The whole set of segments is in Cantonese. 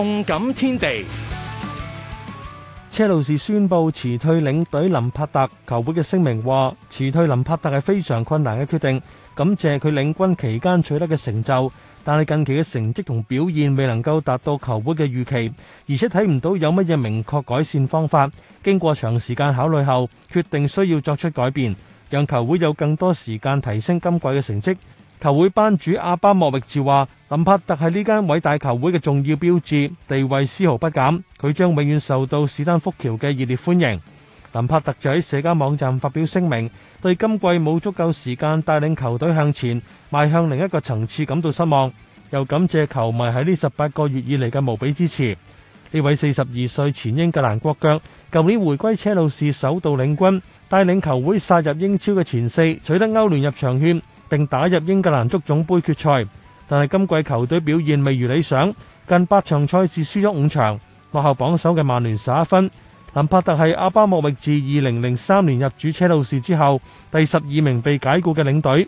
動感天地，車路士宣布辭退領隊林柏特，球會嘅聲明話：辭退林柏特係非常困難嘅決定，感謝佢領軍期間取得嘅成就，但係近期嘅成績同表現未能夠達到球會嘅預期，而且睇唔到有乜嘢明確改善方法。經過長時間考慮後，決定需要作出改變，讓球會有更多時間提升今季嘅成績。球會班主阿巴莫域治話：林柏特係呢間偉大球會嘅重要標誌，地位絲毫不減，佢將永遠受到史丹福橋嘅熱烈歡迎。林柏特就喺社交網站發表聲明，對今季冇足夠時間帶領球隊向前邁向另一個層次感到失望，又感謝球迷喺呢十八個月以嚟嘅無比支持。呢位四十二歲前英格蘭國腳，舊年回歸車路士首度領軍，帶領球會殺入英超嘅前四，取得歐聯入場券。並打入英格蘭足總盃決賽，但係今季球隊表現未如理想，近八場賽事輸咗五場，落後榜首嘅曼聯十一分。林柏特係阿巴莫域自二零零三年入主車路士之後第十二名被解僱嘅領隊。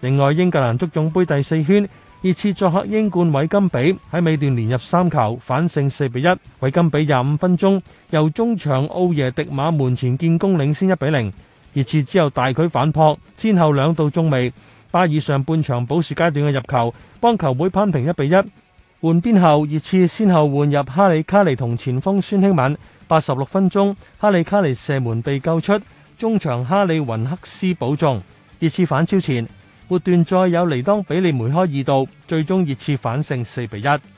另外，英格蘭足總盃第四圈，熱刺作客英冠韋甘比喺尾段連入三球反勝四比一。韋甘比廿五分鐘由中場奧耶迪馬門前建功領先一比零，熱刺之後大舉反撲，先後兩度中楣。巴以上半場補時階段嘅入球，幫球會扳平一比一。換邊後，熱刺先後換入哈利卡尼同前鋒孫興敏。八十六分鐘，哈利卡尼射門被救出，中場哈利雲克斯保中，熱刺反超前，末段再有尼當比利梅開二度，最終熱刺反勝四比一。